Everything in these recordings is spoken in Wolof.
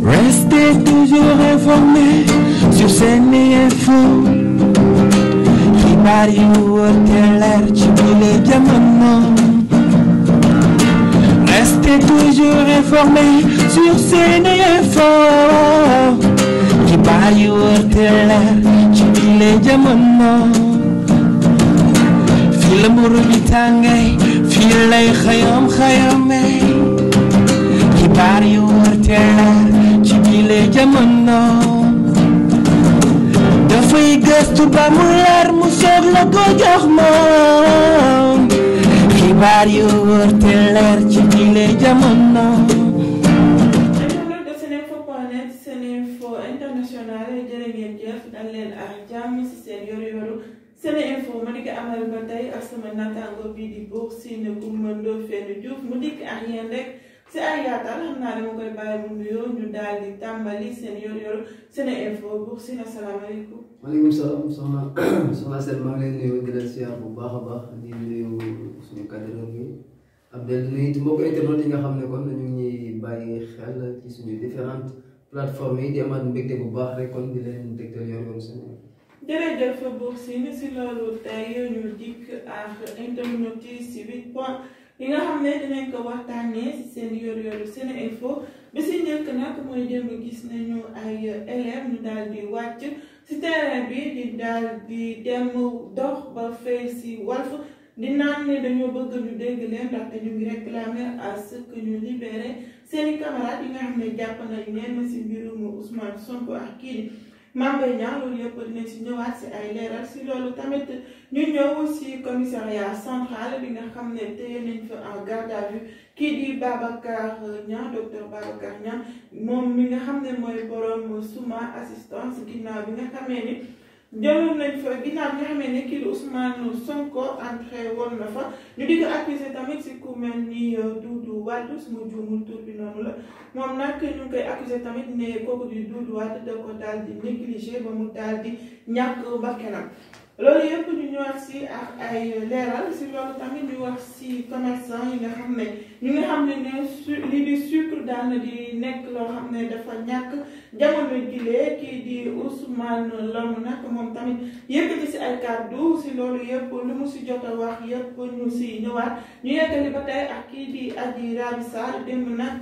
Restez toujours informés sur SeneInfo xibaar yu wóor te ci bile jamono Restez toujours informés sur SeneInfo xibaar yu wóor la mburu bi yu wóor te doxale jamono dafay gëstu ba mu leer mu soog la ko jox moom xibaar yu wër te leer ci bile jamono Sene Info mu dikk amal ba tey ak sama naataango bii di buur si ne Coumba Ndoffène Diouf mu dikk ak yéen si ay yaatal xam naa dama koy bàyyi mu nuyoo ñu daal di tàmbali seen yor-yor Sene Info bu si asalaamaaleykum. salaam soxna soxna Sène maa ngi lay nuyu di leen siyaar bu baax a baax di nuyu suñu cadre bi Abdel di nuyu mbokk internet yi nga xam ne kon ñu ngi bàyyi xel ci suñu différentes plateformes yi di amaat mbégte bu baax rek kon di leen dégtal yor-yor Sene. jërëjëf Bour Sine si loolu tey ñu dikk ak internet ci 8 point. yi nga xam ne dinañ ko waxtaanee ci seen yor-yoru seen info bi si njëkk nag mooy démb gis nañu ay élèves ñu daal di wàcc ci terrain bi di daal di dem dox ba fay ci Walf di naan ne dañoo bëgg ñu dégg leen ndaxte ñu ngi réclamer à ce que ñu libéré seeni camarades yi nga xam ne jàpp nañ leen ci mbirum Ousmane Sonko ak kii Mame Mbaye Niang loolu yëpp dina ci ñëwaat si ay leeral si loolu tamit ñu ñëw si commissariat central bi nga xam ne téye nañ fa en garde à vue kii di Babacar Niang docteur Babacar Niang moom mi nga xam ne mooy borom suma assistance ginnaaw bi nga xamee ni. demoon nañ fa ginnaaw nga xamee ne kii di Ousmane Sonko woon na fa ñu di ko accusé tamit si ku mel ni euh, Doudou Wade su ma juumul tur bi noonu la moom nag ñu ngi koy tamit ne kooku di Doudou Wade da ko daal di négligé ba mu daal di ñàkk bakkanam loolu yëpp ñu ñu wax si ak ay leeral si loolu tamit ñu wax si commerçant yi nga xam ne ñu nga xam ne ne su lii di sucre daan na di nekk loo xam ne dafa ñàkk jamono jilee kii di Ousmane Lom nag moom tamit yëkkati si ay kàddu si loolu yëpp lu mu si jot a wax yëpp ñu si ñëwaat ñu yekkali ba tey ak kii di ak Raby Sarr démb nag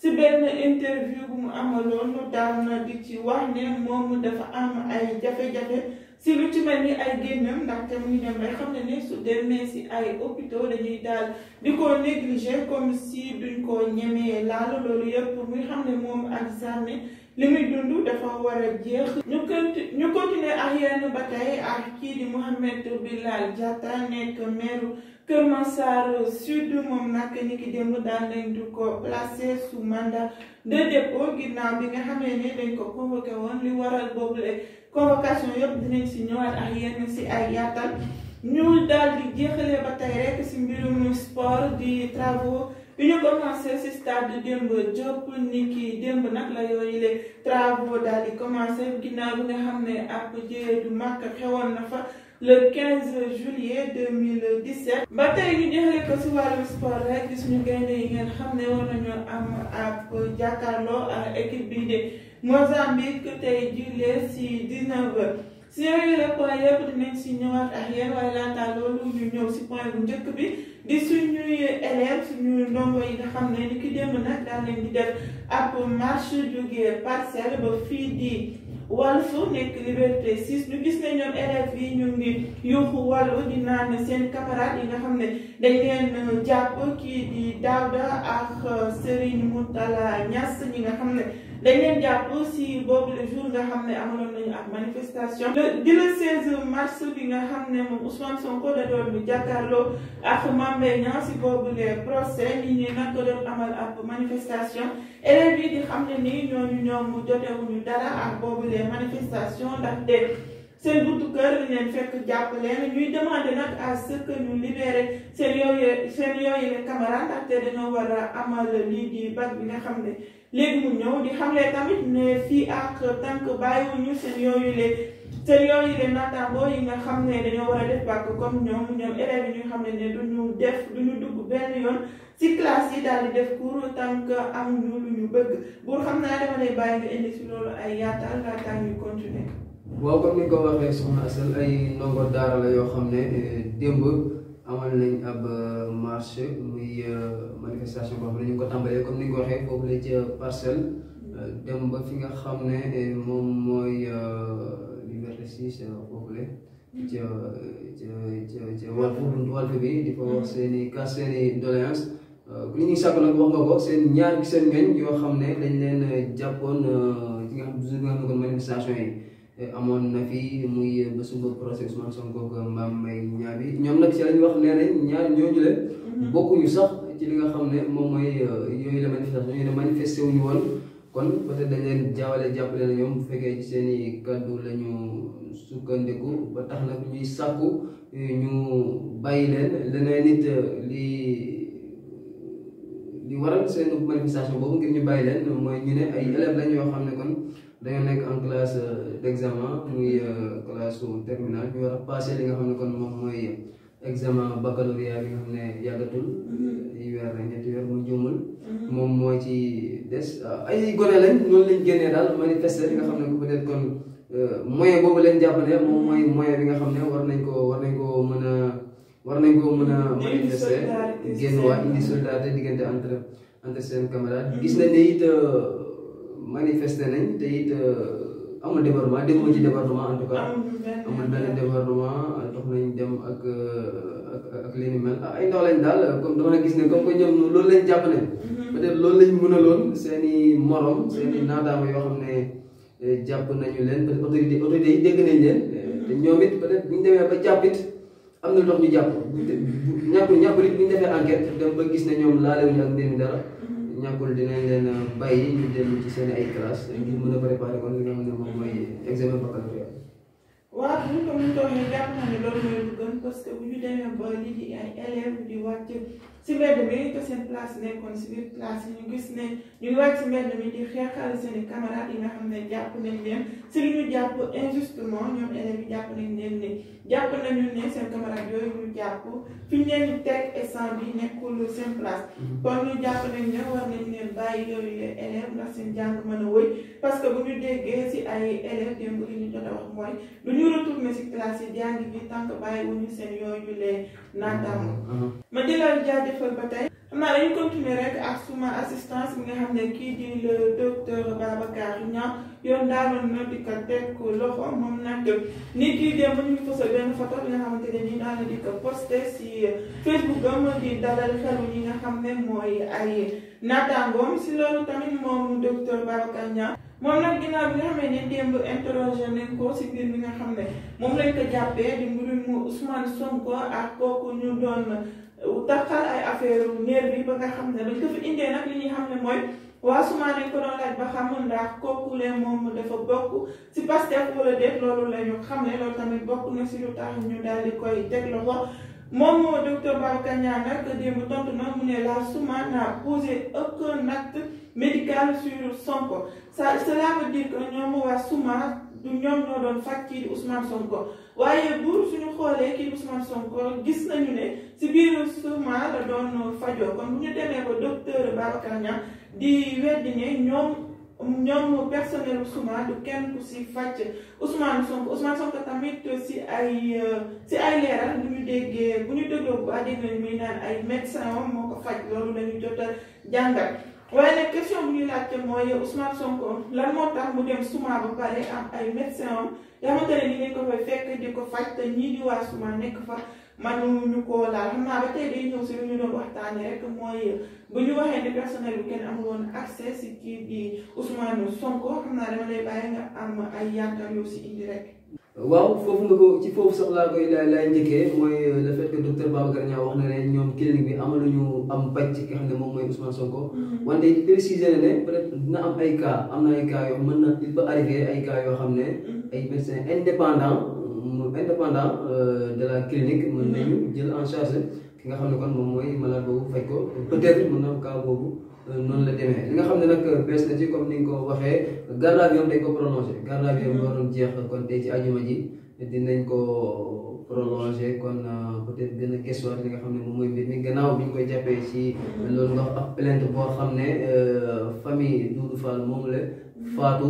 si benn interview bu mu amaloon daan na di ci wax ne moom dafa am ay jafe-jafe si lu ci mel ni ay génnam ndaxte mu ngi dem bay xam ne ni su demee si ay hôpitaux dañuy daal di ko négliger comme si duñ ko ñemee laal loolu yëpp muy xam ne moom ak Sané li muy dund dafa war a jeex. ñu conti ñu continuer ak yenn bataille ak kii di Mouhamed Bilal Diatta nekk maire Kër Massar Sud moom nag ni ki démb daan nañ du ko placé sous mandat de dépôt ginnaaw bi nga xamee ne dañ ko convoqué woon li waral boobule. convocation yëpp dinañ si ñëwaat ak yenn si ay yaatal ñu daal di ba tey rek si mbirum sport di travaux yu ñu commencé si stade Demba Diop ni ki démb nag la yooyu les travaux daal di commencé ginnaaw bi nga xam ne ab jëye du màkk xewoon na fa le juillet 2017 ba tey ñu jeexale ko si wàllum sport rek di suñu gaynde yi ngeen xam ne war nañoo am ab jàkkaarloo équipe bi de Mozambique tey jile si 19 heures si yooyu la point yëpp dinañ si ñëwaat ak yéen waaye laata loolu ñu ñëw si point bu njëkk bi di suñuy élèves suñuy ndongo yi nga xam ne ni ki démb nag daal leen di def ab marche jógee parcelle ba fii di Walf nekk liberté 6 ñu gis ne ñoom élèves def lii ñun di yuuxu wàllu di seen camarade yi nga xam ne dañ leen jàpp kii di Daouda ak euh, Serigne Moutala Niass ñi nga xam ne dañ leen jàpp si boobu le jour nga xam ne amaloon nañu ak manifestation le di le 16 mars bi nga xam ne moom Ousmane Sonko da doon bu jàkkaarloo ak Mame Mbaye Niang si boobu le procès nit ñi nag doon amal ab manifestation élèves yi di xam ne nii ñooñu ñoom jotewuñu dara ak boobu les manifestations ndaxte se buntu kër lañ leen fekk jàpp leen ñuy demandé nag à ce que ñu libéré seen yooyu seen yooyu les camarades ndaxte dañoo war a amal lii di bag bi nga xam ne léegi mu ñëw di xamle tamit ne fii ak tànk bàyyiwuñu seen yooyu les seen na les naataangoo yi nga xam ne dañoo war a def bag comme ñoom ñoom élèves yi ñu xam ne ne duñu def duñu dugg benn yoon ci classe yi daal def cours tànk am ñu lu ñu bëgg buur xam naa dama lay bàyyi nga indi si loolu ay yaatal laataa ñuy continuer. waaw comme ni nga ko waxee soxna Asel ay ndongo daara la yoo xam ne eh, démb amal nañ ab euh, marche muy euh, manifestation boo xam ne ko tàmbalee comme ni nga ko waxee foofu la ca parcelle euh, dem ba fi nga xam ne eh, moom mooy liberté six foofu bi di seen i cas seen nga ko seen ñaar seen ngañ yoo xam ne dañ leen jàppoon ci nga xam ne manifestation yi. amoon na fi muy bésu procès Ousmane Sonko ak Mame Mbaye Niang bi ñoom nag si lañ wax nee ñaar ñooñu leen mhm. bokkuñu sax ci li nga xam ne moom mooy euh, yooyu la manifestation ñu bu fekkee ci seen i kàddu la ñu sukkandiku ba tax nag ñuy sàkku euh, ñu bàyyi leen leneen nit euh, li li waral seen manifestation boobu ngir ñu bàyyi leen mooy ñu ne ay élèves lañ yoo xam ne kon da nga nekk en classe euh, d' examen muy euh, classe terminale ñu war a passé li nga xam ne kon moom mooy examen baccalauréat bi nga xam ne yàggatul mm-hmm. yi weer la ñetti weer mu jëmul mm-hmm. moom mooy ci des ah, ay gone lañ noonu lañ génnee daal manifester li nga xam ne peut-être kon euh, moyen boobu leen jàpp ne moom mooy mm-hmm. bi nga xam ne war nañ ko war nañ ko mën a war nañ ko mën a manifester génn waa indi solidarité diggante entre entre seen camarades gis nañ ne it manifester nañ te it euh, amul débordement dégguma ci débordement en tout cas. amul benn dox euh, nañ dem euh, ak ak ak li mel ay ndaw lañ daal comme dama gis ne comme loolu lañ jàpp ne. Mhm. peut-être loolu lañ mënaloon seen i morom seen mhm. yoo xam ne jàpp nañu leen peut-être autorité autorité yi nañ leen. Mhm. te ñoom it peut ñu demee ba am na dox ñu jàpp. ñàkkul ñàkkul it bu ñu defee enquête dem ba gis ne ñoom laalewuñu ak mbir mi dara. ñàkkul dinañ leen euh, bàyyi ñu dellu ci seen ay classe ngir mën a préparer kon li nga xam ne moom mooy examen baccalauréat waaw bu ñu ko mën doonee jàpp naa ne loolu mooy lu gën parce que bu ñu demee ba lii di ay élèves di wàcc si mbedd mi te seen place nekkoon si biir place yi ñu ne ñu wàcc si mbedd mi di xeexal seen i camarades yi nga xam ne jàpp nañ leen si li jàpp injustement ñoom élèves jàpp nañ leen jàpp ne seen camarades yooyu ñu jàpp fi ñu leen di teg mhm. jàpp ne war nañ a wëy parce que bu ñu déggee si ay élèves démb li ñu jot a wax retourné si yi jàng bi tant que bàyyi wuñu seen yooyu lee naataango ma di la jaajëfal ba tey xam naa dañu continuer rek ak suma assistance bi nga xam ne kii di le docteur Babacar Niang yoon daaloon na di ko teg loxo moom nag nit kii démb ñu ngi fësal benn photo bi nga xamante ne nii daal di ko posté si Facebook am di dalal xelu ñi nga xam ne mooy ay naataangoom si loolu tamit moom docteur Babacar Niang moom nag ginnaaw bi nga xamee ne démb interroger nañ si biir nga xam ne moom lañ ko jàppee di mbirum Ousmane Sonko ak kooku ñu doon taxal ay affaire néer bi ba nga xam ne dañ ko fi indee nag li ñuy xam ne mooy waa Ousmane dañ ko doon laaj ba xam ndax kooku lee moom dafa bokk si Pastef wala déet loolu la ñu xam ne loolu tamit bokk na si lu tax ñu daal koy teg loxo moom docteur Babacar Niang nag démb tontu na mu ne la Ousmane n'a posé aucun acte médical sur Sonko sa cela veut dire que ñoom waa Souma du ñoom ñoo doon faj di Ousmane Sonko waaye bu suñu xoolee kii di Ousmane Sonko gis nañu ne si biir Souma la doon fajoo kon bu ñu demee ko docteur Babacar Niang di weddi ne ñoom. ñoom personnel Souma du kenn si fàcc Ousmane Sonko Ousmane Sonko tamit si ay si ay leeral lu ñu déggee bu ñu dégloo bu àddina muy naan ay médecin moom moo ko faj loolu lañu jot a jàngal waaye nag question bu ñuy laajte mooy Ousmane Sonko lan moo tax mu dem suma ba pare am ay médecin am yoo xamante ne ni ko fay fekk di ko faj te ñii di waa suma nekk fa mënuñu koo laal xam naa ba te day ñëw si lu ñu doon waxtaanee rek mooy bu ñu waxee ne personnel bi kenn am woon accès si kii di Ousmane Sonko xam naa dama lay bàyyi nga am ay yaakaar yow si indi waaw foofu nga ko ci foofu sax laa koy laay laay njëkkee mooy euh, le fait que docteur Babacar Niang wax na ne ñoom clinique bi amaluñu am pàcc ki xam moom mooy Ousmane Sonko. Mm-hmm. wante précisé na ne dina am ay cas na mën na ay yoo xam ne. Mm-hmm. ay médecins indépendants indépendants euh, de la clinique. mën mm-hmm. nañu jël en charge ki nga xam ne kon moom mooy malade boobu faj ko peut être na am boobu. Euh, noonu la demee li nga xam ne nag euh, bees ci comme ni nga ko waxee garde à vue dañ ko prolongé garde à vue bi mm-hmm. waroon jeex kon tey ci ajuma ji dinañ ko prolongé kon euh, peut-être gën a nga xam ne moom mooy mbir mi gannaaw bi ñu koy jàppee ci mm-hmm. loolu nga ab boo xam ne famille Doudou Fall moom la mm-hmm. faatu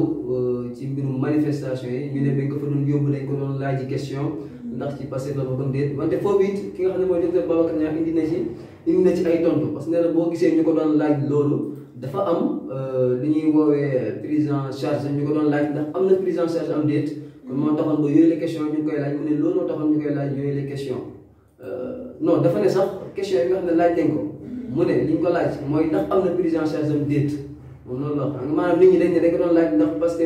ci mbiru manifestation yi ñu ne bañ ko fa doon yóbbu dañ ko doon laaj question ndax ci passé la ba bam déet wante foofu it ki nga xam ne mooy docteur Babacar Niang indi na ci indi na ci ay tontu parce que nee boo gisee ñu ko doon laaj loolu dafa am euh, li ñuy woowee prise en charge ñu ko am na prise en charge am déet kon moo taxoon ba yooyu les questions ñu ngi koy laaj mu ne loolu moo euh, ko mooy am na prise en charge am déet doon laaj ndax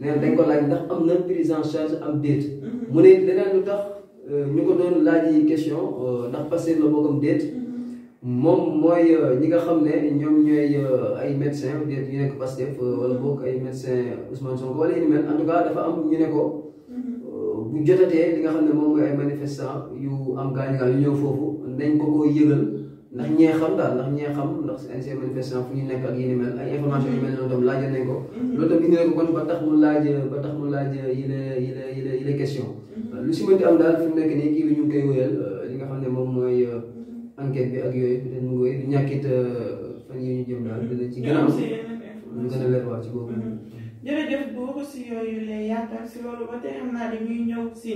na dañ ko laaj ndax am na prise en charge am déet mm-hmm. mu ne leneen lu tax Euh, ñu ko doon laaj yi question euh, ndax Pastef la bokkam déet mm-hmm. moom mooy euh, ñi nga xam ne ñoom ñooy ay médecin déet ñu nekk Pastef wala bokk ay médecin Ousmane Sonko am ñu ne ko mm-hmm. bu nga xam ne moom ay manifestant yu am gaañ-gaañ yu ko ko yëgal ñee xam ndax ñee xam ndax ces ñu nekk ak yéen mel ay information yu mel noonu tam mm-hmm. loolu tam indi na kon ba tax mu laaj ba tax mu laaj yi la yi la yi la question lu si mënti am daal fi mu nekk nii kii bi ñu ngi koy euh, li nga xam ne moom mooy euh, enquête bi ak yooyu peut être mu ngi wéy euh, fan yii ñu daal dinañ ci gën a am lu gën a leer waa ci boobu. Mm-hmm. jërëjëf boobu si yooyu lay yaakaar si loolu ba tey xam naa dañuy ñëw si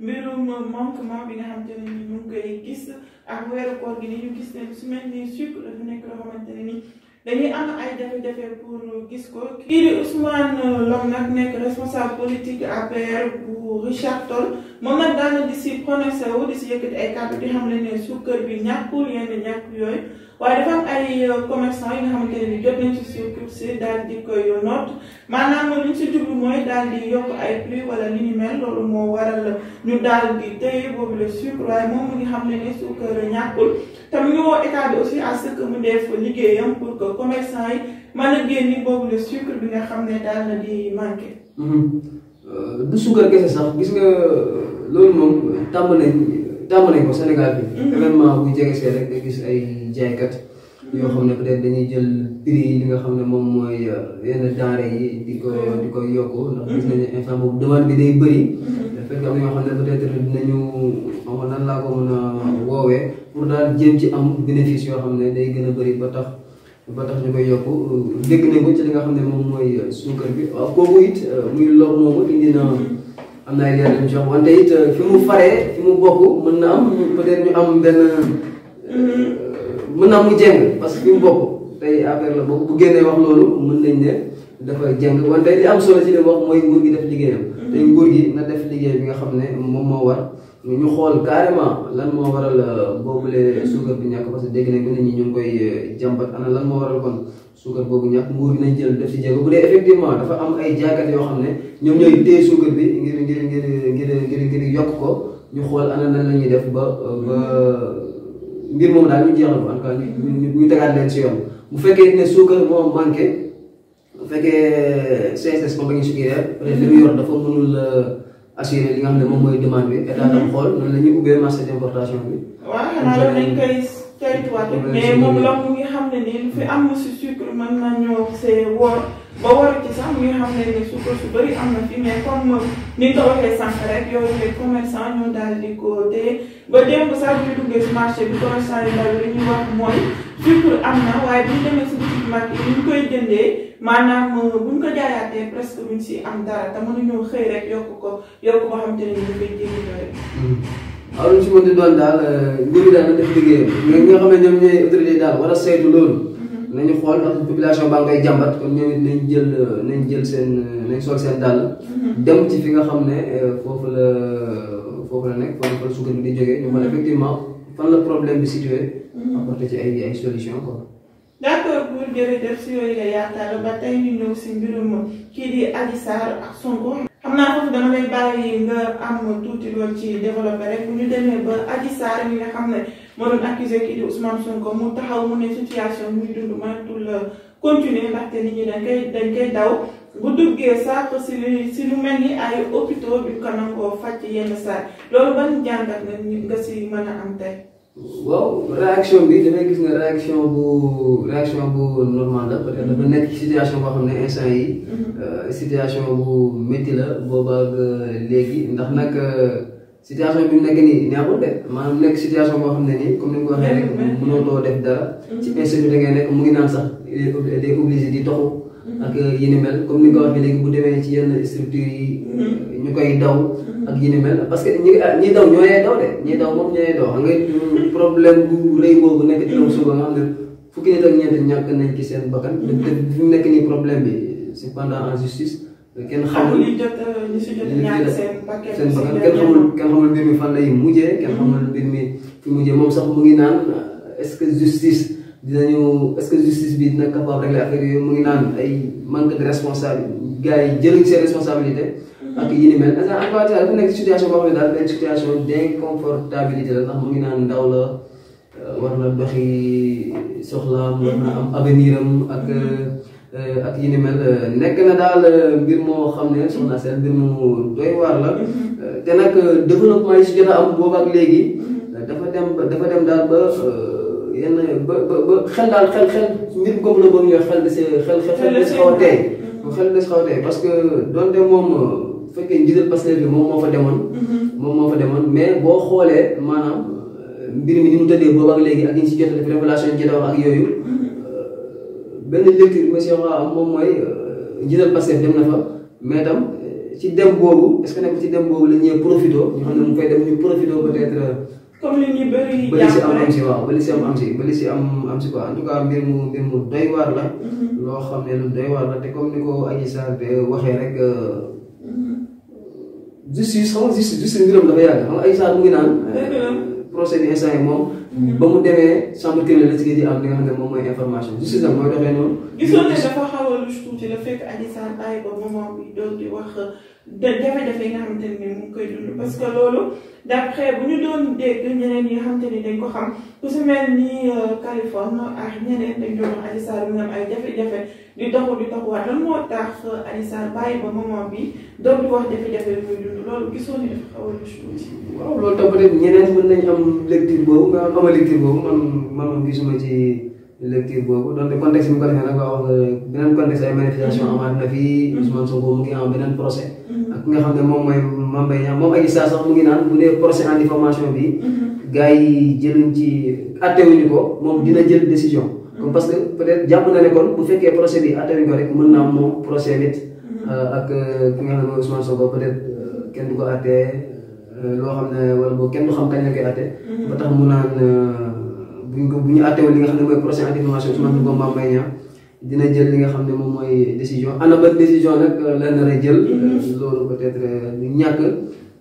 mbirum manquement bi nga xam te ne ñu ngi koy gis ak weeru koor gi ni ñu gis ne su mel ni sucre dafa nekk loo xamante ne nii. dañuy am ay jafe-jafe pour gis ko kii di Ousmane Lom nag nekk responsable politique APR bu Richard Toll moom nag daana di si prononcé wu di si yëkkati ay kàddu di xam ne ne sukkër bi ñàkkul yenn ñàkk yooyu waaye dafa am ay euh, commerçant yi nga xamante jot nañ ci succursé daal di koy noot maanaam li ñu si jublu mooy daal di yokk ay prix wala li ñu mel loolu moo waral ñu daal di te boobu le sucre waaye moom mu ngi xam ne ne suukar ñàkkul te mu ngi woo état bi aussi à ce que mu def liggéeyam pour que commerçant yi mën a génni boobu le sucre bi nga xam ne daal na di manqué. Mhm. Euh, du suukar kese sax gis nga euh, loolu moom tàmm nañ. tàmm nañ ko Sénégal bi mm-hmm. événement bu jege see rek nga gis ay jaaykat yoo xam ne peut dañuy jël prix yi li nga xam ne moom mooy euh, yenn denrées yi di ko mm-hmm. di ko yokku ndax gis mm-hmm. nañu instant boobu demande bi day bëri dafa fekk am laa ko mën woowee pour daal jéem ci am bénéfice yoo xam ne day gën a bëri ba tax ba tax ñu koy yokk dégg nañ ko ci li nga xam ne moom mooy euh, suukar bi kooku it euh, muy lor moomu indi na am na ay leer yu jox wante it euh, fi mu faree fi mu bokk mën na am peut-être am benn euh, mën na am mu jeng parce que fi mu bokk tey affaire la bokk bu génnee wax loolu mën nañ ne dafa jeng wante li am solo ci li wax mooy nguur gi def liggéeyam. Mm-hmm. tey nguur gi na def liggéey bi nga xam ne moom moo war. ñu xool carrément lan moo waral euh, boobule suukar bi ñàkk parce que dégg nañ ko ñu koy euh, jàmbat ana lan moo waral kon suukar boobu ñàkk nguur gi nañ yoo xam ne bi ngir ngir ngir ngir ngir yokk ko ñu xool ana nan la def ba euh, ba mbir moom daal ñu jeexal ko ñu ñu leen si yoon bu fekkee ne suukar moo manqué fekkee CSS compagnie sucrière peut-être li mu dafa mënul. assurer li nga xam ne moom mooy demande bi état dam mhm. xool noonu la ñuy ubbee marché bi. waaw xanaa loolu dañ koy caytuwaat mais moom la mu ngi xam ne nii lu fi am na si sucre mën nañoo see wóor. ba waru ci sax ñu xam ne ni suukar su bëri am na fi mais comme ni nga ko waxee sànq rek yooyu les commerçants ñoo daal di ko téye ba démb sax bi ñu duggee si marché bi commerçant yi daal li ñuy wax mooy suukar am na waaye bu ñu demee si boutique mag yi ñu koy jëndee maanaam euh, bu ñu ko jaayaatee presque ñu si am dara te mënuñoo xëy rek yokk ko yokk ba xam te ne ñu koy jënd rek. waaw hmm. lu si mën di doon daal euh, ñu ngi daal def liggéeyam ñoom ñoo xam ne ñoom ñooy autorité daal war a saytu loolu. nañu xool parce que population baa ngay jàmbat kon ñooñu jël nañ jël seen nañ sol seen dàll. Mm-hmm. dem ci fi nga xam ne eh, foofu la foofu la nekk foofu la suukar bi di jógee. ñu xool mm-hmm. effectivement fan la problème bi situé. Mm-hmm. apporter ci ay solution quoi. d' accord pour jërëjëf si yooyu nga yaakaar ba tey ñu ñëw si mbirum kii di Adji Sarr ak Sonko. xam naa foofu dama lay bàyyi nga am tuuti lool ci développé rek ñu demee ba Adji Sarr mi nga xam ne. moo doon accusé kii di Ousmane Sonko mu taxaw mu situation muy dund mënatul euh, continuer ndaxte nit ñi dañ daw bu duggee sax si lu ni ay hôpitaux bi ko nangoo faj loolu ban jàngat nga nga si mën am tey. waaw réaction bi damay gis nga réaction bu réaction bu normale la peut-être nekk situation boo xam ne instant yi mhm. euh, situation bu métti la boobaag euh, léegi ndax nag. situation bi mu nekk nii neexul de maanaam nekk situation boo xam ne nii comme ni nga ko waxee rek mm-hmm. da ngay nekk mu ngi naan sax day obligé di toxu. Mm-hmm. ak euh, yi ni mel ci yenn structures yi. Mm-hmm. ñu koy daw. ak yi ni parce que ñi ah, ñi daw ñoo yee daw de ñi daw moom ñoo yee daw xam nga mm, problème bu rëy boobu nekk ci suba nga xam ne fukki nit ak ñeent ñàkk nañ seen bakkan. te fi mu nekk nii problème bi c'est pendant en justice. kenn xamul li jot euh, ñu si jot ñàkk fan lay mujjee kenn mhm. xamul mbir fi mujjee moom sax mu ngi naan euh, est-ce que justice dinañu est-ce dina capable régler affaire mu ngi naan ay manque de responsabilité gars yi jëluñ seen responsabilité mhm. ak yi ni mel en tout cas ku nekk situation boo xam ne daal benn situation d'inconfortabilité la ndax mu ngi naan ndaw la euh, war na doxi soxlaam war mhm. ak Eh, ak yi mel eh, nekk na daal eh, mbir moo xam ne soxna seen mbir mu doy waar la te ak léegi dafa dem dafa dem daal ba yenn ba ba xel parce que donte moom mm-hmm. boo xoolee maanaam mu tëddee boobu ak léegi ak si jot ak yooyu mm-hmm. benn lecture monsieur Mawar mais euh, ci dem boobu est ce que nekk ci dem boobu euh, si am am si waaw ba si am am si ba li mbir mu doy waar la. Mhm. loo xam ne lu doy waar la te comme ni ko Adji Sarr waxee rek. Euh, mhm. justice xam nga justice justice dafa yàgg xam nga Adji Sarr naan. procès bi instant yi moom. ba mu demee chambre criminelle la ci gëj am li nga xam ne moom mooy information justice nag mooy doxee noonu. gisoon ne dafa xaw a lu tuuti la fekk Adji Sarr ay ko moment bi doon di wax. de jafe-jafe yi nga xamante ne mu ngi koy dund parce que loolu d'après bu ñu doon dégg ñeneen yi nga xamante ni dañ ko xam ku si mel ni euh, Californie ak ñeneen dañ doon Adji euh, bi doon di wax jafe-jafe bi muy loolu gisoo ni dafa xaw a tuuti. waaw loolu ñeneen mën nañ am lecture boobu nga am lecture boobu man man gisuma ci. lecture boobu donc contexte bi mu ko defee nag waa wax nga beneen contexte ay manifestation amaat na fii mm-hmm. Ousmane Sonko mu ngi am beneen procès ki nga xam ne moom mooy Mame Mbaye Niang moom Adji Sarr sax mu ngi naan bu dee procès en diffamation bi mhm. gars yi jëluñ ci attewuñu ko moom dina jël décision mhm. comme parce que peut-être jàpp na ne kon bu fekkee procès bi attewuñu ko rek mën naa moom procès nit mhm. euh, ak euh, ki nga xam ne mooy Ousmane Sonko peut-être euh, kenn du ko attee loo xam ne wala boo kenn du xam kañ la koy attee ba tax mu naan bu ñu attewul li nga xam ne mooy procès en diffamation Ousmane Sonko Mame dina jël li nga xam ne moom mooy décision ana ba décision nag euh, la nar a jël. Mhm. Euh, loolu peut-être ñu euh, ñàkk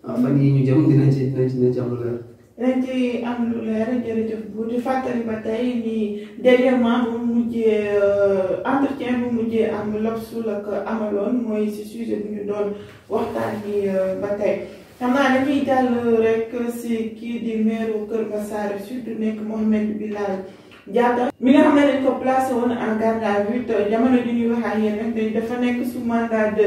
fan yi ñu jëm dinañ ci dinañ ci dinañ ci am lu leer. dinañ ci am lu leer jërëjëf bu di fàttali ba tey nii dernièrement bu mujjee entretien bu mujjee am lobsu la ko amaloon mooy si sujet bu ñu doon waxtaan ba tey. xam naa dañuy jàll rek si kii di meeru Kër Massar Sud nekk Mouhamed Bilal. Diatta mi nga xam ko placé woon en garde à vue jamono ji ñuy wax ak yéen nag dañ dafa nekk sous mandat de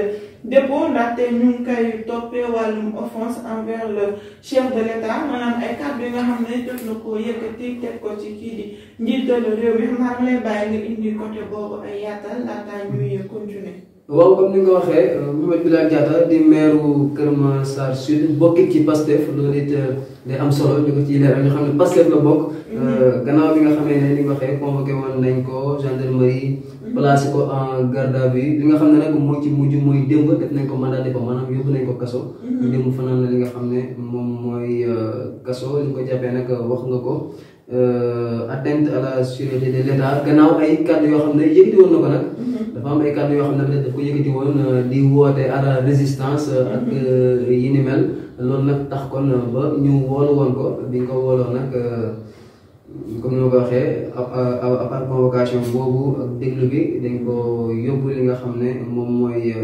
dépôt ndaxte ñu ngi koy toppee wàllum offense envers le chef de l' état maanaam ay kàddu yi nga xam ne jot na koo yëkkati teg ko ci kii di njiitalu réew mi xam nga lay bàyyi nga indi côté boobu ay yaatal laata ñuy continuer. waaw comme ni nga waxee Mouhamed Bilal Diatta di meeru Kër Massar Sud bokkit ci Pastef loolu it euh, day am solo ñu ko ciy leeral ñu xam ne Pastef la bokk. Euh, gannaaw bi nga xamee ne ni nga waxee convoqué woon nañ ko gendarmerie. placé ko en garde à vue li nga xam ne nag moo ci mujj mooy démb def nañ ko mandat de dépôt maanaam yóbbu nañ ko kaso. Mhm. démb fanaan na li nga xam ne moom mooy euh, kaso li ñu ko jàppee nag wax nga ko. Euh, atteinte à la sûreté de l' état gannaaw ay kàddu yoo xam ne yëkkati woon na ko nag. Mhm. dafa am ay kàddu yoo xam ne peut-être daf ko yëkkati woon euh, di woote a la résistance. Euh, ak mhm. yi ni mel loolu nag tax kon ba ñu woolu woon ko bi nga ko wooloo nag comme ni ma ko waxee à part convocation boobu ak déglu bi dañ ko yóbbu li nga xam ne moom mooy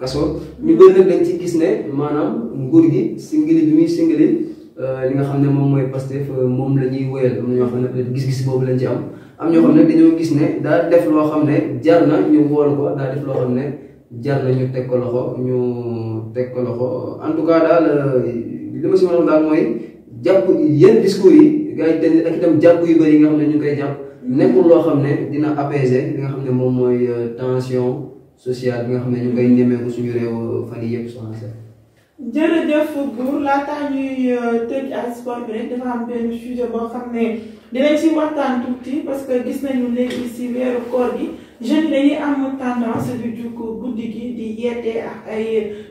kaso. ñu mhm. bëri nag dañ ci gis ne maanaam nguur gi singili bi muy singili. Euh, li nga xam ne moom mooy Pastef euh, moom la ñuy wéyal am na ñoo xam ne gis boobu lañ ci am am dañoo gis ne daal def loo xam ne jar na ñu woolu ko daa def loo xam ne jar na ñu teg ko loxo ñu teg ko loxo en tout cas daal euh, li ma si mën a daal mooy jàpp yenn discours jàpp yu bëri yi nga xam ne ñu koy jàpp nekkul loo xam ne dina apaiser li nga xam ne moom mooy tension sociale bi nga xam ne ñu koy ñemeeku suñu réew fan yi yëpp soxna jërëjëf Bour laataa ñuy euh, tëj ak sport bi rek dafa am benn sujet boo xam ne dinañ ci waxtaan tuuti parce que gis nañu léegi ci weeru koor gi jeunes dañuy am tendance di jug guddi gi di yeete ak ay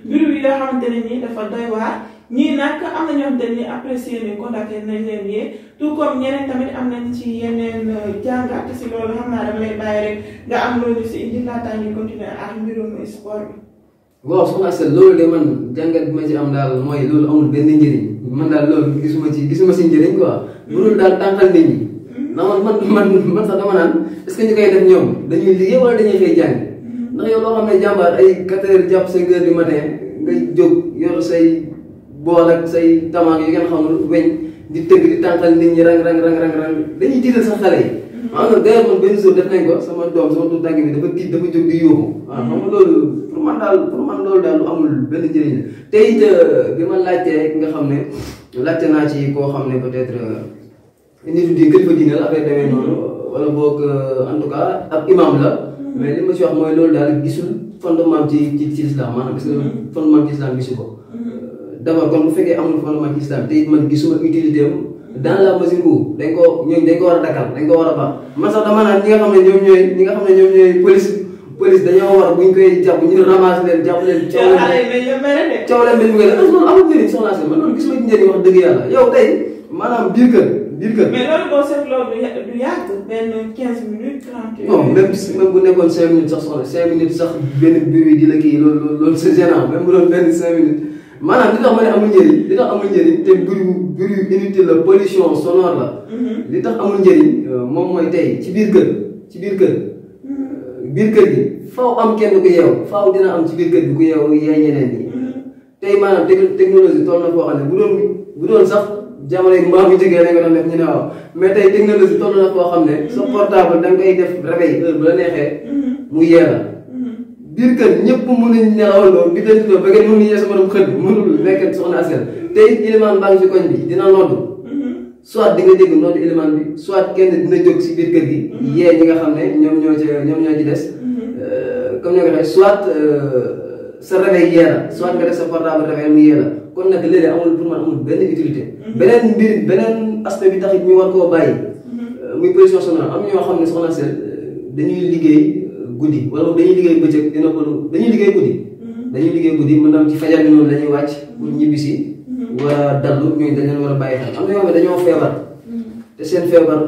mbiru yoo xamante ne nii dafa doy waar ñii nag am na ñoo xamante ni apprécié nañ ko ndaxte nañ leen yee tout comme ñeneen tamit am nañ ci yeneen euh, jàngat ci loolu xam naa dama lay bàyyi rek nga am loolu ci indi laataa ñuy continuer ak mbirum sport bi. waaw a Assa loolu de man jàngat ma ci am daal mooy loolu amul benn njëriñ man daal loolu gisuma ci gisuma si njëriñ quoi. bu hmm. dul daal tànqal nit ñi. Hmm. non man man man sax dama que ñu koy def ñoom dañuy liggéey wala dañuy xëy jàng hmm. ndax yow loo xam ne jàmbaar ay 4 heures jàpp 5 heures du matin nga jóg yor say bool ak say tamaak yu ngeen xamul weñ di tëgg di tànqal nit ñi rang rang dañuy tiital sax xale ah non d'ailleurs man benn jour def nañ ko sama doom sama tuut bi dafa tiit dafa jóg di yóbbu. waaw ah, hmm. xam loolu pour man daal pour man loolu daal lu amul benn njëriñ te it euh, bi ma laajtee ki nga xam ne laajte naa ci koo xam ne peut-être euh, nit yi la affaire demee noonu hmm. wala boog euh, en tout imam la. Hmm. mais li ma ci wax mooy loolu daal gisul fondement ci ci ci islam maanaam gis nga fondement ci islam gisu ko. d'abord kon bu fekkee amul fondement ci islam te it man gisuma utilité am. dans la mesure où dañ ko ñooñu dañ ko war a dakkal man sax dama naan ñi nga xam ne ñoom ñooy ñi nga xam ne ñoom ñooy police police dañoo war bu ñu koy jàpp ñu ramasse na jàpp leen. cawale leen cawale leen bi nga def loolu amul njëriñ soxna si man loolu gisuma ci njëriñ wax dëgg yàlla yow tey maanaam biir kër biir kër. mais loolu boo seetloo du yàgg benn 15 minutes 30 minutes. non sax soxna 5 minutes sax benn biir bi di la kii loolu loolu c'est gênant même bu doon benn 5 minutes. maanaam li tax ma ne amul njëriñ li tax amul njëriñ te bruit bruit inutile la pollution sonore la. Mhm. li tax amul njëriñ euh, moom mooy tey ci biir kër ci biir kër. Mhm. biir kër gi faaw am kenn ku faw faaw dina am ci biir kër gi ku yeewu yee ñeneen ñi. Mhm. tey maanaam technologie toll foo xam ne bu doon bu doon sax jamono yi mbaa bu jógee rek nga doon def foo xam ne. sa portable da nga koy def réveil heure la neexee mu yee la. biir kër ñëpp mënuñ nelawandoo bi tëdd a ba ngeen mënuñ yeesu borom xëdd mënul nekk soxna askan te it ilimaan baa ngi ci koñ bi dina nodd soit di nga noonu ilimaan bi soit kenn dina jóg si biir kër gi yee ñi nga xam ne ñoo ci ñoom ñoo ci des euh, comme ñoo euh, sa réveil yee la soit nga mu yee la kon nag léeg-léeg amul pour man amul benn utilité beneen mbir beneen aspect bi tax ñu war koo bàyyi mhm. euh, muy position sonore am ñoo xam ne soxna seen Euh, dañuy liggéey guddi wala dañuy liggéey dañuy liggéey guddi. dañuy liggéey guddi maanaam ci fajar bi noonu la ñuy wàcc. pour mm-hmm. ñibbi si. Mm-hmm. war a dallu ñooñu dañ leen war a bàyyi xel am na yoo xam ne dañoo feebar. Mm-hmm. te seen feebar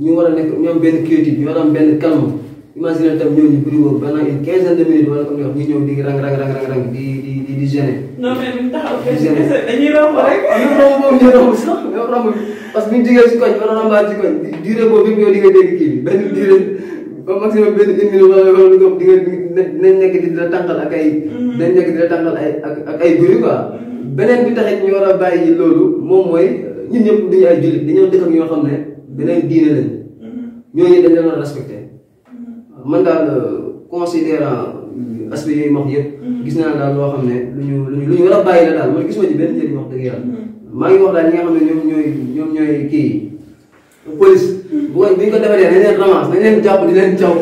ñu war a nekk ñu am benn quiétude ñu war a am benn calme imaginer tam ñooñu bëri woo ba naan une quinzaine de minutes wala comme ñu di rang rang rang di di di di gêner. dañuy romb rek. ñu romb moom ñu romb sax ñu romb parce que buñ jógee si koñ war a rombaat si koñ durée boobu yëpp ñoo di nga dégg kii ba maximum benn une minute wala loolu nga di ngeen dinañ nekk di la tànqal ak ay. Mm-hmm. di la tànqal ay ak ak ay bruit quoi. Mm-hmm. beneen bi taxit ñu war a bàyyi loolu moom mooy ñun ñëpp di ay jullit dañoo dëkk ak ñoo xam ne beneen diine lañ. Mm-hmm. ñooñu dañ leen a respecté. man daal euh, considérant aspect yooyu wax yëpp. gis naa daal loo xam ne lu ñu lu ñu war a bàyyi la daal man gisuma ci benn njëriñ wax dëgg yàlla. maa ngi wax daal ñi nga xam ne ñoom ñooy ñoom ñooy kii. police bu ko bu ñu ko defaree nañ leen ramas nañ leen jàpp di leen caw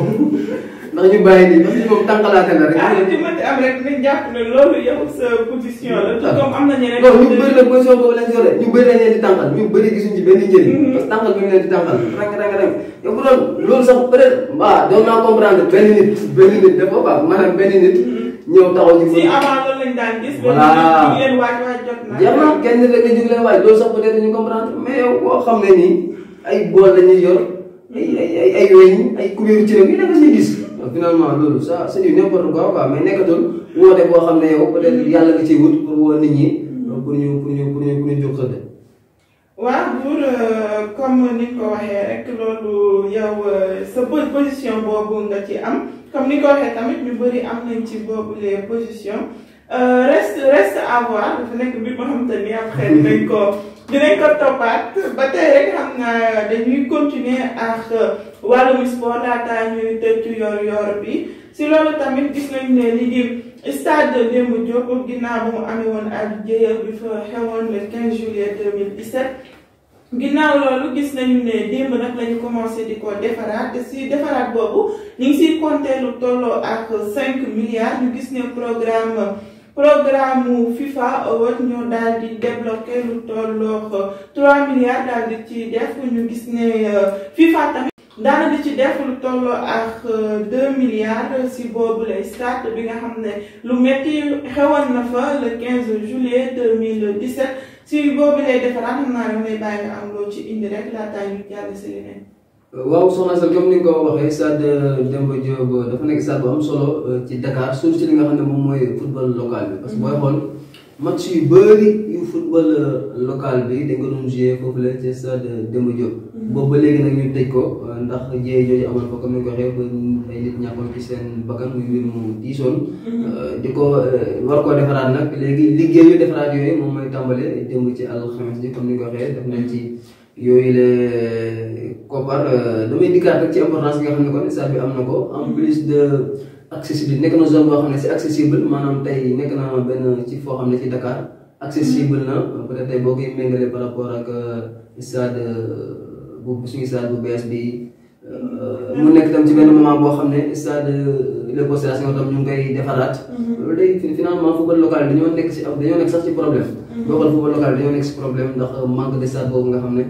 ndax ñu bàyyi nii parce que moom tànkalaate la rek. ah li ci mënti am rek nañ jàpp ne loolu yow sa position la. te comme am na ñeneen. non ñu bëri la position boobu lañ yore ñu bëri lañ leen di tànkal ñu bëri gisuñ ci benn njëriñ. Mm-hmm. parce que tànkal bi ñu leen di tànkal. rang rang rang yow bu doon loolu sax peut être waaw doon naa comprendre benn nit benn nit dafa baax maanaam benn nit. Mm-hmm. ñëw taxaw ñu. si avant loolu lañ daan gis. voilà ñu leen waaj waaj jot na. jàmm kenn nit rek nga jóg leen waaj loolu sax peut être ñu comprendre mais yow boo xam ne nii ay bool la ñuy yor ay ay ay weñ ay kubéeru cëram yi dafa ñuy gis. finalement loolu ça c'est du n'importe quoi quoi mais nekkatul woote boo xam ne yow peut-être yàlla nga ciy wut pour woo nit ñi. pour ñu pour ñu pour ñu pour ñu jóg sa dëkk. waaw pour euh, comme ni ko waxee rek loolu yow euh, sa position boobu nga ci am comme ni ko waxee tamit ñu bëri am nañ ci boobu les positions. Euh, reste reste à voir dafa nekk mbir boo ni ko dinañ ko toppaat ba tey rek xam naa dañuy continuer ak euh, wàllum sport laata ñuy tëj yor yor bi si loolu tamit gis nañ ne li di stade Demba Diop ginnaaw ba mu amee woon ak jéyal bi fa xewoon le 15 juillet 2017 ginnaaw loolu gis nañu ne démb nag lañu commencé di ko defaraat si defaraat boobu ñu ngi siy compter lu tolloo ak 5 milliards ñu gis ne programme programme FIFA wat ñoo daal di débloqué lu tolloog 3 milliards daal di ci def ñu gis ne euh, FIFA tamit daana di ci def lu tolloo ak 2 euh, milliards si boobu lay stade bi nga xam ne lu métti xewoon na fa le 15 juillet 2017 si boobu lay defaraat xam naa ne lay bàyyi nga am loo ci indi rek laataa ñu waaw soxna Sall comme ni nga ko waxee stade Demba Diop dafa nekk stade bu am solo euh, ci Dakar surtout ci li nga xam ne moom mooy football local bi. parce que booy mhm. xool match yu bëri yu football euh, local bi dañ ko doon joué foofu la ci stade mhm. léegi nag ñu tëj ko euh, ndax jiyee jooju amoon fa comme ni ko waxee ba ay nit ñàkkoon ci seen bakkan muy mbir mu diisoon. Mhm. di ko war koo defaraat nag léegi liggéeyu defaraat yooyu moom mooy tàmbale démb ci alxames ji comme ni ko waxee def nañ ci yooyu la. koppar euh, damay dikkaat rek ci importance bi nga xam ne kon am na ko en plus de accessible nekk na zone boo xam ne c'est accessible maanaam tey nekk na benn ci foo xam ne ci Dakar accessible na peut-être tey boo koy méngalee par rapport ak euh, stade euh, bu suñu stade bu bees bi mu nekk tam ci benn moment boo xam ne stade les constellations tam ñu ngi koy defaraat. Mhm. finalement football local dañoo nekk si dañoo nekk sax ci problème. boo mhm. xoolee football local dañoo nekk si problème ndax manque de stade nga xam ne.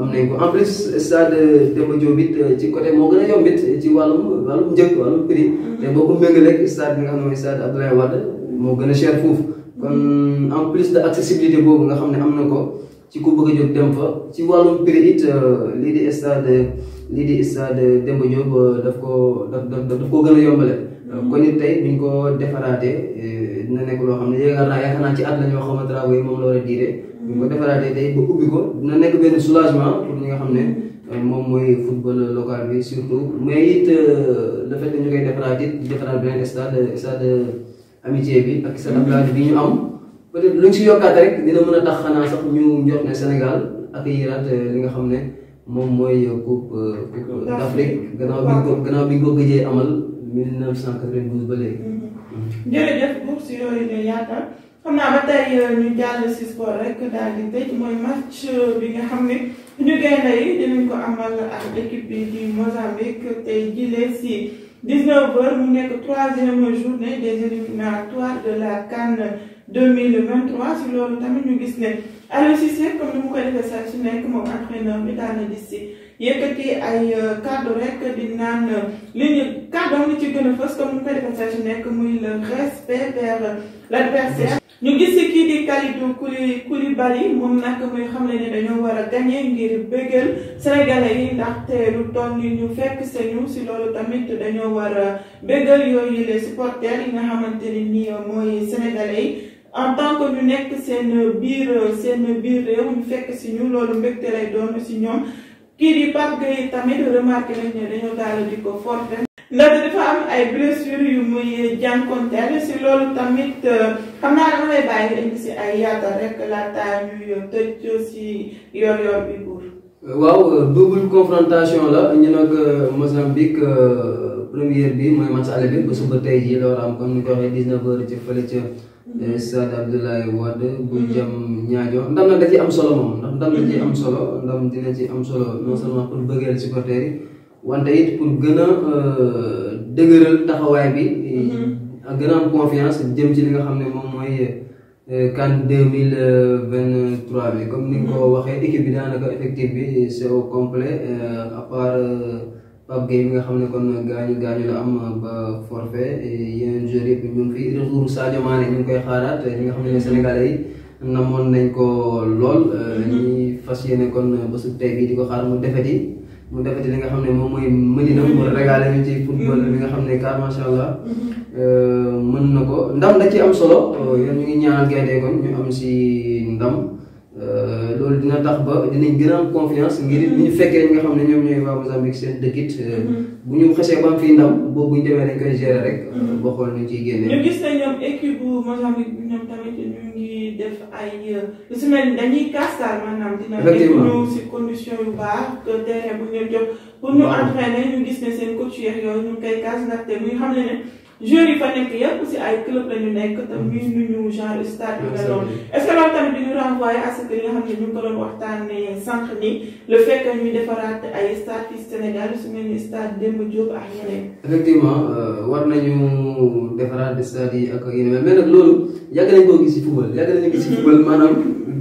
am nañ ko en plus stade Demba Diop it euh, ci côté moo gën a yomb it ci wàllum wàllum njëkk wàllum prix. Mm. te boo ko méngalee ak stade bi nga xam ne mooy stade Abdoulaye Wade moo gën a cher foofu. kon mm. en plus de accessibilité boobu nga xam ne am na ko ci ku bëgg a jóg dem fa ci wàllum prix it euh, lii di stade lii di stade Demba Diop euh, daf koo daf daf daf koo gën a yombale. Euh, kon it tey ni ñu ko defaraatee euh, dina nekk loo xam ne yaakaar naa yaakaar naa ci at la ñoo xamante travaux yi a nekk benn soulagement pour ñi nga xam ne euh, moom mooy football local bi surtout mais it le fait que ñu koy defaraat it di defaraat beneen stade stade amitié bi ak stade Abdoulaye bi ñu am. lu ñu si yokkaat rek dina mën a tax xanaa sax ñu njort ne Sénégal ak yiraat li nga xam ne moom mooy coupe coupe d'Afrique gannaaw bi ko ko gëjee amal. 1992 ba léegi. Mm-hmm. jërëjëf bopp si yooyu nga yaatal xam naa ba tey euh, ñu jàll si sport rek daal di mooy match euh, bi nga xam ne ñu gaynde yi dinañ ko amal ak équipe bi di Mozambique tey jilee si 19h mu nekk troisième journée des éliminatoires de la CAN 2023 si loolu tamit ñu gis ne Aliou Cissé comme ni mu koy defee saa su nekk moom entraîneur bi daal na gis si. yëkkati ay euh, kàddu rek di naan euh, li ñu kàddoom li ci gën a fës comme ni mu koy defee saa su nekk muy le respect vers l'adversaire ñu gis ci kii di Kalidou Koulibaly moom nag muy xamle ne dañoo war a gagné ngir bëggal sénégalais yi ndaxte lu toll ni ñu fekk sañu si loolu tamit dañoo war a bëggal yooyu les supporters yi nga xamante ne nii mooy sénégalais yi en tant que ñu nekk seen biir seen biir réew ñu fekk si ñu loolu mbégte lay doon si ñoom. kii di Pape Gueye tamit remarqué nañ ne dañoo daal di ko forte ndaxte dafa am ay blessures yu muy jànkonteel si loolu tamit euh, xam naa dama lay bàyyi indi si ay yaatal rek laata ñuy tëj si yor-yor bi buur. waaw euh, double confrontation la ñu nag euh, Mozambique première bi mooy match aller bi ba suba tey jii la war am comme ni ko waxee 19 heures ci fële stade Abdoulaye Wade bu jam hmm. ñaajo ndam nag da ci am solo moom ndax ndam da ci hmm. am solo ndam dina ci am solo non seulement pour bëggeel supporters yi wante it pour gën euh, dëgëral taxawaay bi hmm. ak gën am confiance jëm ci li nga xam ne moom mooy euh, CAN 2023 bi comme ni nga ko waxee équipe bi daanaka effectif bi c'est au complet euh, à Pape Gueye mi nga xam ne kon gaañu gaañu la am uh, ba forfait yeneen joueurs yëpp ñu fi retour Sadio Mané ñu ngi koy xaaraat ñi nga xam ne Sénégalais yi namoon nañ ko lool. Uh, mhm. ñi fas yéene kon uh, bésub tey bii di ko xaar mu defeti mu defeti li nga xam ne moom mooy Medina mu mhm. régalé ñu ci football bi nga xam ne car macha allah. Mhm. mën na ko ndam da ci am solo yéen ñaanal gaynde kon ñu am si ndam. Euh, loolu dina tax ba dinañ gën a am confiance ngir mm-hmm. ñu fekkee nga xam ne ñoom ñooy waa Mozambique seen dëkkit euh, mm-hmm. bu ñu xasee ba fii ndam boobu ñu demee dañ koy gérer rek. Euh, mm-hmm. boo xool ñu ciy génne. ñu gis ne ñoom équipe bu Mozambique ñoom tamit ñu ngi def ay lu si mel dañuy kaas daal maanaam. effectivement dina ñëw si condition yu baax que terrain bu ñu jox pour ñu entraîner ñu gis ne seen coach yooyu ñu ngi koy kaas ndaxte muy xam ne ne. joueurs yi fa nekk yëpp si ay club la nekk te mm-hmm. miin nañu genre stade bi nga doon est ce que loolu tamit duñu renvoyer à ce que li ñu ngi ko doon waxtaanee sànq ni le fait que ñuy defaraat ay stade fii Sénégal su mel ni stade Demba Diop ak effectivement euh, war nañu defaraat stade yi ak yeneen mais nag loolu yàgg nañ koo gis si football yàgg nañu gis si mm-hmm. football maanaam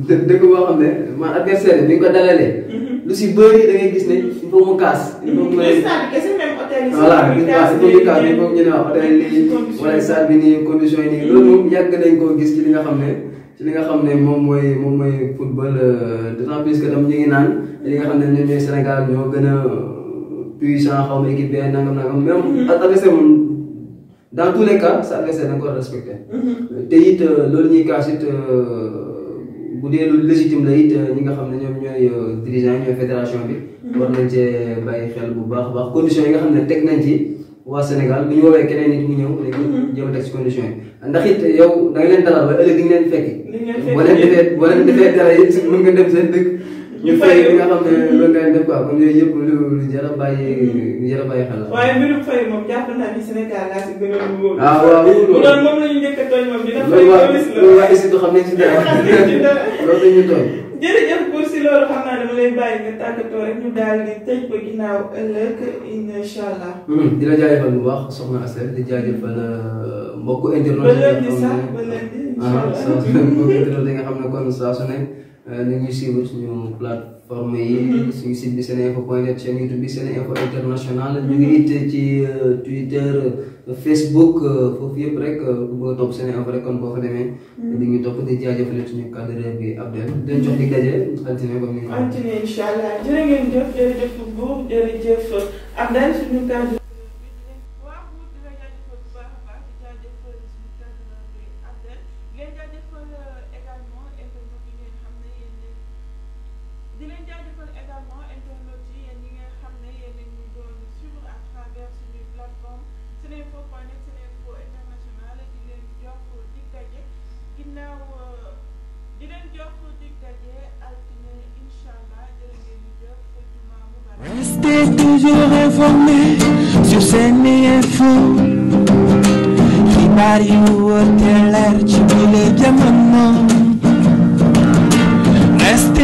dëkk boo xam ne man adversaire bi nga ko dalalee. Mm-hmm. lu si bëri da ngay gis ne il faut mu kaas. il faut mu voilà gis nga syndicat bi foog ñu ne waaw hôtel lii wala stade bi nii condition yi nii loolu nañ koo gis li nga xam ne ci li nga xam ne moom mooy moom mooy football euh, d'autant plus que tam ñu ngi naan li nga xam ne ñoom ñooy Sénégal ñoo gën a puissant xaw ma équipe bi nangam nangam même adversaire moom dans tous les cas sa adversaire da nga ko respecté mm-hmm. te it euh, loolu ñuy kaas it bu dee lu légitime la it ñi nga xam ne ñoom ñooy euh, dirigeant ñooy fédération bi. Mhm. war nañ cee bàyyi xel bu baax a baax conditions yi nga xam ne teg nañ ci waa Sénégal bu ñu woowee keneen nit mu ñëw léegi mhm. jëm teg ci condition yi ndax it yow da nga leen dalal ba ëllëg di nga leen fekki. di nga leen fekki boo leen defee boo leen defee nga dem seen dëkk. ñu nga xam ne loolu day def quoi comme yooyu yëpp lu lu jar waaye mbirum fay moom jàpp naa ni Sénégal a wóor. ah waaw bu doon moom la ñu njëkk a moom dina fay police la loolu waa ISRA du xam ne ci dara loolu la ñuy tooñ. jërëjëf pour si loolu xam naa dama ba ginnaaw ëllëg incha di la jaajëfal bu baax ba léegi sax ne saa su ne Euh, ñu ngi suivre suñu plateforme yi suñu site bi seneinfo point net chaîne YouTube bi seneinfo international ñu ngi it ci euh, Twitter euh, Facebook foofu yëpp rek ku bëgg a topp seneinfo rek kon boo fa demee. Mm. di ngi topp di jaajëfale suñu cadre bi Abdel dañ jox di daje continuer comme ni nga. continuer incha allah jërë ngeen jëf jërëjëf Bour jërëjëf Abdel suñu cadre. jaajëfal également internautes yi yéen ñi nga xam ne yéen a ngi doon suivre à travers suñuy plateforme seneinfo point net seneinfo international di leen jox dig daje ginnaaw euh, di leen jox dig daje altine incha allah jërë ngeen jëf juma mubarak. Restez toujours informés sur SeneInfo xibaar yu wóor te leer ci bile jamono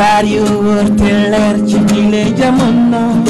xibaar yu wóor te leer ci biir jamono